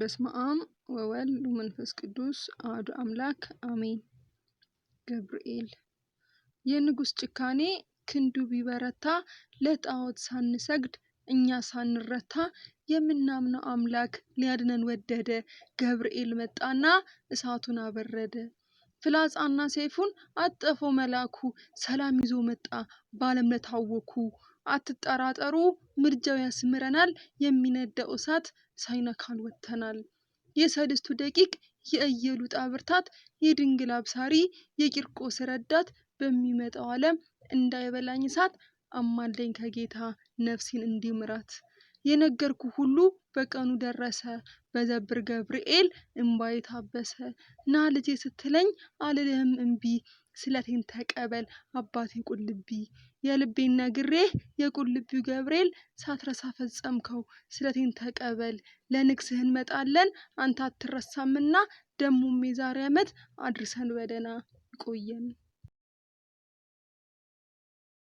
በስመአብ ወወልድ ወመንፈስ ቅዱስ አሐዱ አምላክ አሜን። ገብርኤል የንጉሥ ጭካኔ ክንዱ ቢበረታ ለጣዖት ሳንሰግድ እኛ ሳንረታ የምናምነው አምላክ ሊያድነን ወደደ። ገብርኤል መጣና እሳቱን አበረደ። ፍላጻና ሰይፉን አጠፎ መላኩ ሰላም ይዞ መጣ በዓለም ለታወኩ። አትጠራጠሩ ምርጃው ያስምረናል የሚነደው እሳት ሳይነካን ወጥተናል። የሰልስቱ ደቂቅ የእየሉጣ ብርታት የድንግል አብሳሪ የቂርቆስ ረዳት በሚመጣው ዓለም እንዳይበላኝ እሳት አማለኝ ከጌታ ነፍሴን እንዲምራት የነገርኩ ሁሉ በቀኑ ደረሰ። በዘብር ገብርኤል እምባዬ የታበሰ ና ልጄ ስትለኝ አልልህም እምቢ። ስለቴን ተቀበል አባቴ ቁልቢ የልቤን ነግሬ የቁልቢው ገብርኤል ሳትረሳ ፈጸምከው ስለቴን ተቀበል ለንግስህ እንመጣለን አንተ አትረሳምና ደሞም የዛሬ አመት አድርሰን በደህና ይቆየን